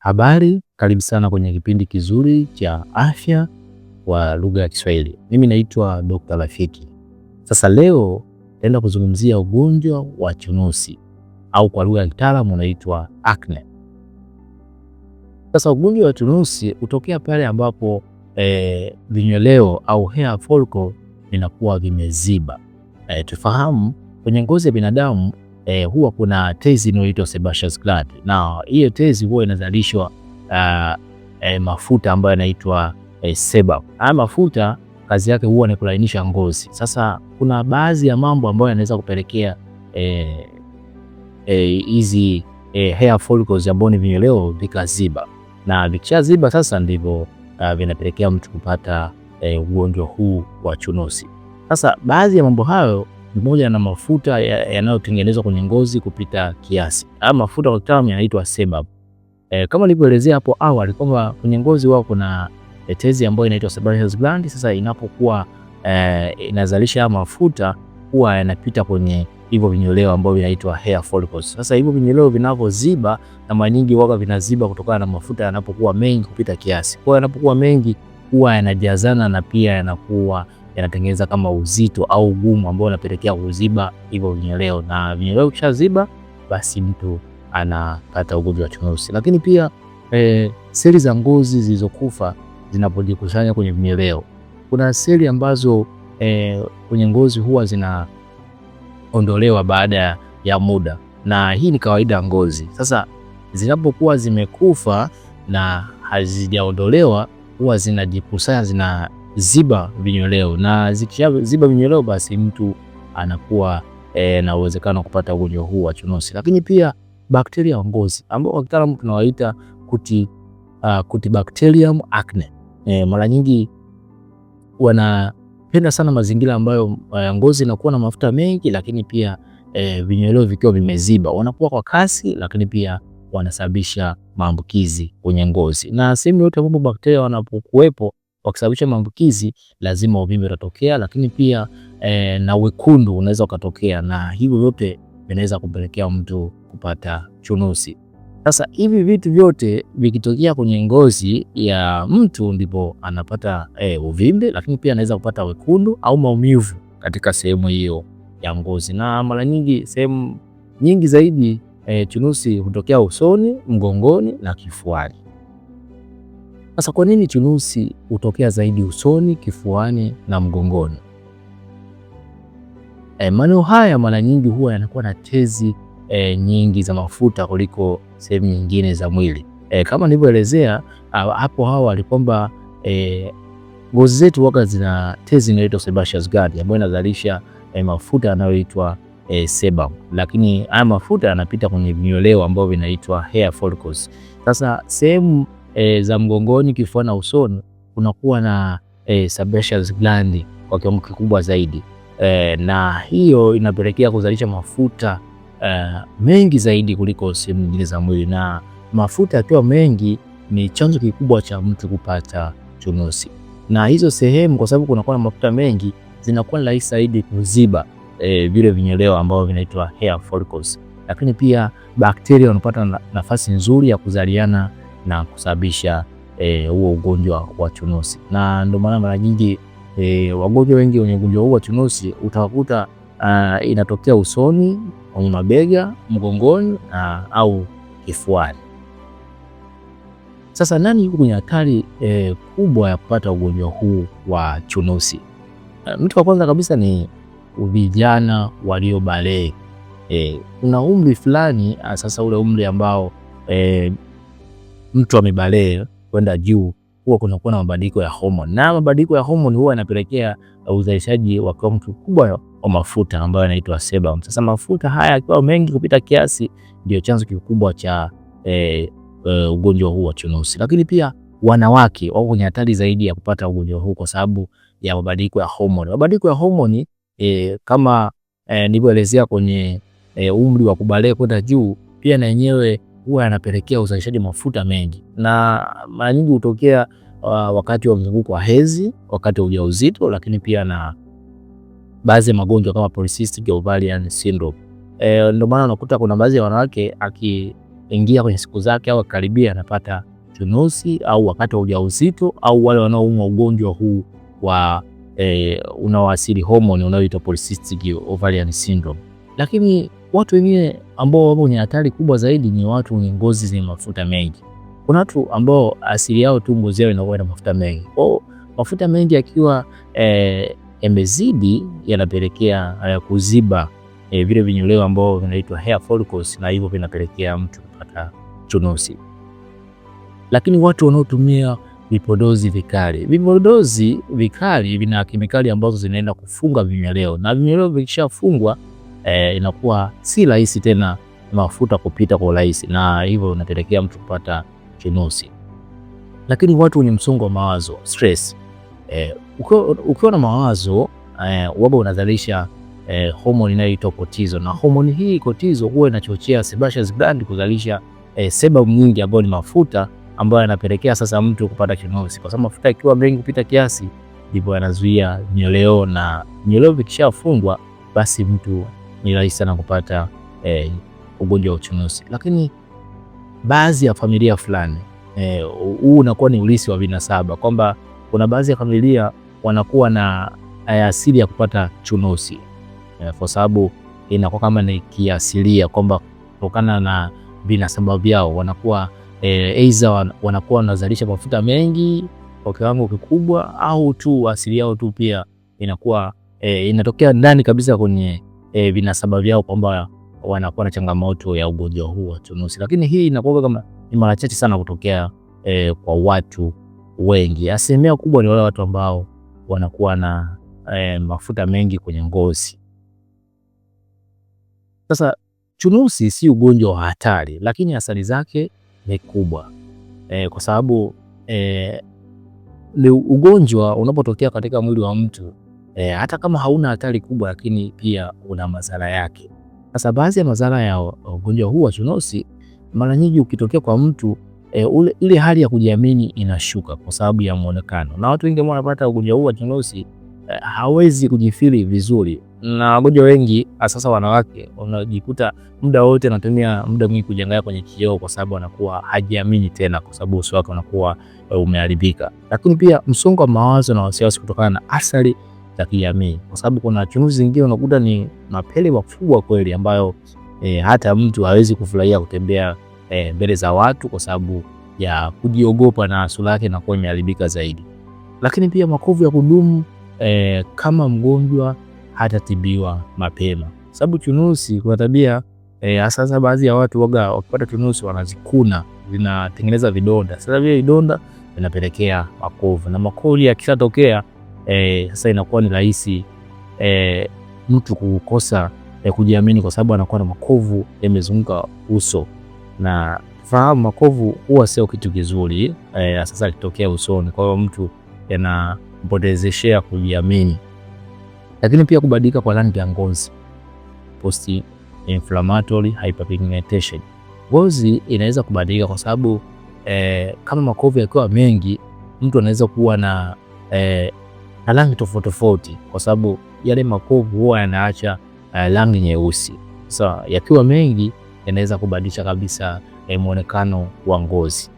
Habari, karibu sana kwenye kipindi kizuri cha afya kwa lugha ya Kiswahili. Mimi naitwa Dr. Rafiki. Sasa leo naenda kuzungumzia ugonjwa wa chunusi au kwa lugha ya kitaalamu unaitwa acne. Sasa ugonjwa wa chunusi hutokea pale ambapo e, eh, vinyweleo au hair follicle vinakuwa vimeziba. E, tufahamu kwenye ngozi ya binadamu eh, huwa kuna tezi inayoitwa Sebaceous gland, na hiyo tezi huwa inazalishwa uh, eh, mafuta ambayo yanaitwa eh, sebum. Haya mafuta kazi yake huwa ni kulainisha ngozi. Sasa kuna baadhi ya mambo ambayo yanaweza kupelekea eh, eh, hizi eh, eh, E, hair follicles ambao ni vinyeleo vikaziba, na vikishaziba sasa ndivyo uh, vinapelekea mtu kupata eh, ugonjwa e, huu wa chunusi. Sasa baadhi ya mambo hayo pamoja na mafuta yanayotengenezwa ya kwenye ngozi kupita kiasi. Haya mafuta kwa kitaalamu yanaitwa sebum. E, eh, kama nilivyoelezea hapo awali kwamba kwenye ngozi wao kuna eh, tezi ambayo inaitwa sebaceous gland. Sasa inapokuwa e, inazalisha haya mafuta huwa yanapita kwenye hivyo vinyoleo ambavyo vinaitwa hair follicles. Sasa hivyo vinyoleo vinavyoziba na mara nyingi huwa vinaziba kutokana na mafuta yanapokuwa mengi kupita kiasi. Kwa hiyo yanapokuwa mengi huwa yanajazana na pia yanakuwa yanatengeneza kama uzito au ugumu ambao unapelekea kuziba hivyo vinyeleo, na vinyeleo kishaziba basi mtu anapata ugonjwa wa chunusi. Lakini pia e, seli za ngozi zilizokufa zinapojikusanya kwenye vinyeleo, kuna seli ambazo e, kwenye ngozi huwa zinaondolewa baada ya muda, na hii ni kawaida ya ngozi. Sasa zinapokuwa zimekufa na hazijaondolewa huwa zinajikusanya zina ziba vinyoleo, na zikishaziba vinyoleo, basi mtu anakuwa e, na uwezekano wa kupata ugonjwa huu wa chunusi. Lakini pia bakteria wa ngozi ambao kwa kitaalamu tunawaita kuti, uh, ah, kuti bacterium acne. E, mara nyingi wanapenda sana mazingira ambayo eh, ngozi inakuwa na mafuta mengi, lakini pia e, vinyoleo vikiwa vimeziba, wanakuwa kwa kasi, lakini pia wanasababisha maambukizi kwenye ngozi. Na sehemu yote ambapo bakteria wanapokuwepo kwa kusababisha maambukizi, lazima uvimbe utatokea, lakini pia e, na wekundu unaweza ukatokea, na hivyo vyote vinaweza kupelekea mtu kupata chunusi. Sasa hivi vitu vyote vikitokea kwenye ngozi ya mtu ndipo anapata e, uvimbe, lakini pia anaweza kupata wekundu au maumivu katika sehemu hiyo ya ngozi, na mara nyingi sehemu nyingi zaidi e, chunusi hutokea usoni, mgongoni na kifuani. Sasa kwa nini chunusi hutokea zaidi usoni, kifuani na mgongoni? E, maeneo haya mara nyingi huwa yanakuwa na tezi e, nyingi za mafuta kuliko sehemu nyingine za mwili. E, kama nilivyoelezea hapo awali kwamba e, ngozi zetu waga zina tezi inaitwa sebaceous gland ambayo inazalisha e, mafuta yanayoitwa e, sebum, lakini haya mafuta yanapita kwenye vinyweleo ambavyo vinaitwa hair follicles. Sasa sehemu e, za mgongoni, kifua na usoni kunakuwa na e, sebaceous gland kwa kiwango kikubwa zaidi e, na hiyo inapelekea kuzalisha mafuta e, mengi zaidi kuliko sehemu nyingine za mwili, na mafuta yakiwa mengi ni chanzo kikubwa cha mtu kupata chunusi. Na hizo sehemu, kwa sababu kunakuwa na mafuta mengi, zinakuwa rahisi zaidi kuziba e, vile vinyeleo ambavyo vinaitwa hair follicles, lakini pia bakteria wanapata nafasi nzuri ya kuzaliana na kusababisha eh, huo e, ugonjwa wa chunusi, na ndio maana mara nyingi e, wagonjwa wengi wenye ugonjwa huu wa chunusi utakuta uh, ah, inatokea usoni, kwenye mabega, mgongoni uh, au kifuani. Sasa nani yuko kwenye hatari e, kubwa ya kupata ugonjwa huu wa chunusi? Ah, mtu wa kwanza kabisa ni vijana walio balee. kuna umri fulani sasa, ule umri ambao e, mtu amebalee kwenda juu, huwa kunakuwa na mabadiliko ya homoni, na mabadiliko ya homoni huwa yanapelekea uzalishaji wa kiwango kikubwa wa mafuta ambayo yanaitwa sebum. Sasa mafuta haya yakiwa mengi kupita kiasi, ndio chanzo kikubwa cha e, e, ugonjwa huu wa chunusi. Lakini pia wanawake wako kwenye hatari zaidi ya kupata ugonjwa huu kwa sababu ya mabadiliko ya homoni. Mabadiliko ya homoni e, eh, kama e, nilivyoelezea kwenye e, umri wa kubalea kwenda juu, pia na yenyewe huwa yanapelekea uzalishaji mafuta mengi, na mara nyingi hutokea uh, wakati wa mzunguko wa hedhi, wakati wa ujauzito, lakini pia na baadhi ya magonjwa kama polycystic ovarian syndrome. E, ndio maana unakuta kuna baadhi ya wanawake akiingia kwenye siku zake au akaribia anapata chunusi au wakati wa ujauzito au wale wanaoumwa ugonjwa huu wa e, eh, unaoasili homoni unaoitwa polycystic ovarian syndrome. Lakini Watu wengine ambao wapo kwenye hatari kubwa zaidi ni watu wenye ngozi zenye mafuta mengi. Kuna watu ambao asili yao tu ngozi yao inakuwa na mafuta mengi. Kwa hiyo mafuta mengi yakiwa eh, yamezidi yanapelekea ya eh, kuziba eh, vile vinyoleo ambao vinaitwa hair follicles na hivyo vinapelekea mtu kupata chunusi. Lakini watu wanaotumia vipodozi vikali, vipodozi vikali vina kemikali ambazo zinaenda kufunga vinyweleo na vinyweleo vikishafungwa e, inakuwa si rahisi tena mafuta kupita kwa urahisi, na hivyo unatelekea mtu kupata kinusi. Lakini watu wenye msongo wa mawazo stress, e, ukiwa na mawazo e, eh, waba unazalisha e, homoni inayoitwa cortisol, na homoni hii cortisol huwa inachochea sebaceous gland kuzalisha e, sebum nyingi ambayo ni mafuta ambayo yanapelekea sasa mtu kupata kinusi, kwa sababu mafuta yakiwa mengi kupita kiasi ndipo yanazuia nyeleo, na nyeleo vikishafungwa basi mtu ni rahisi sana kupata eh, ugonjwa wa uchunusi, lakini baadhi ya familia fulani eh, huu eh, unakuwa ni ulisi wa vinasaba kwamba kuna baadhi ya familia wanakuwa na eh, asili ya kupata chunusi eh, kwa sababu inakuwa kama ni kiasilia kwamba kutokana na vinasaba vyao wanakuwa eh, aidha wanakuwa wanazalisha mafuta mengi kwa kiwango kikubwa, au tu asili yao tu pia inakuwa eh, inatokea ndani kabisa kwenye e, vinasaba vyao kwamba wanakuwa na changamoto ya ugonjwa huu wa tunusi, lakini hii inakuwa kama ni mara chache sana kutokea e, kwa watu wengi. Asilimia kubwa ni wale watu ambao wanakuwa na e, mafuta mengi kwenye ngozi. Sasa chunusi si ugonjwa wa hatari, lakini athari zake ni kubwa e, kwa sababu e, ugonjwa unapotokea katika mwili wa mtu e, hata kama hauna hatari kubwa, lakini pia una madhara yake. Sasa baadhi ya madhara ya ugonjwa huu wa chunusi, mara nyingi ukitokea kwa mtu e, ule, ile hali ya kujiamini inashuka kwa sababu ya muonekano, na watu wengi wanapata ugonjwa huu wa chunusi e, hawezi kujifili vizuri, na wagonjwa wengi sasa wanawake wanajikuta muda wote anatumia muda mwingi kujiangalia kwenye kioo, kwa sababu anakuwa hajiamini tena, kwa sababu uso wake unakuwa e, umeharibika. Lakini pia msongo wa mawazo na wasiwasi kutokana na athari za kijamii, kwa sababu kuna chunuzi zingine unakuta ni mapele makubwa kweli, ambayo e, hata mtu hawezi kufurahia kutembea e, mbele za watu kwa sababu ya kujiogopa na sura yake inakuwa imeharibika zaidi. Lakini pia makovu ya kudumu e, kama mgonjwa hatatibiwa mapema, sababu chunusi kwa tabia hasa sasa, baadhi ya watu waga wakipata chunusi wanazikuna, zinatengeneza vidonda. Sasa vile vidonda vinapelekea makovu na makovu yakishatokea Eh, sasa e, inakuwa ni rahisi e, mtu kukosa e, kujiamini kwa sababu anakuwa na makovu yamezunguka uso, na fahamu makovu huwa sio kitu kizuri e, sasa akitokea usoni, kwa hiyo mtu yanampotezeshea kujiamini. Lakini pia kubadilika kwa rangi ya ngozi post inflammatory hyperpigmentation, ngozi inaweza kubadilika kwa sababu e, kama makovu yakiwa mengi mtu anaweza kuwa na e, na rangi tofauti tofauti, kwa sababu yale makovu huwa yanaacha eh, rangi nyeusi. Sasa so, yakiwa mengi yanaweza kubadilisha kabisa eh, mwonekano wa ngozi.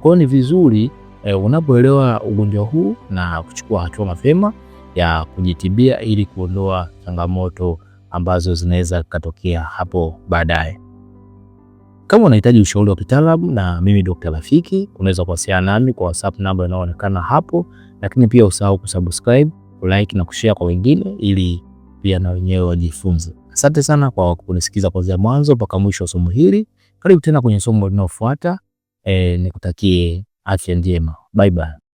Kwa hiyo ni vizuri eh, unapoelewa ugonjwa huu na kuchukua hatua mapema ya kujitibia ili kuondoa changamoto ambazo zinaweza katokea hapo baadaye. Kama unahitaji ushauri wa kitaalamu na mimi Dr. Rafiki, unaweza kuwasiliana nami kwa WhatsApp namba inayoonekana hapo lakini pia usahau kusubscribe, kulike na kushare kwa wengine, ili pia na wenyewe wajifunze. Asante sana kwa kunisikiza kuanzia mwanzo mpaka mwisho wa somo hili. Karibu tena kwenye somo linalofuata. E, nikutakie afya njema. Bye bye.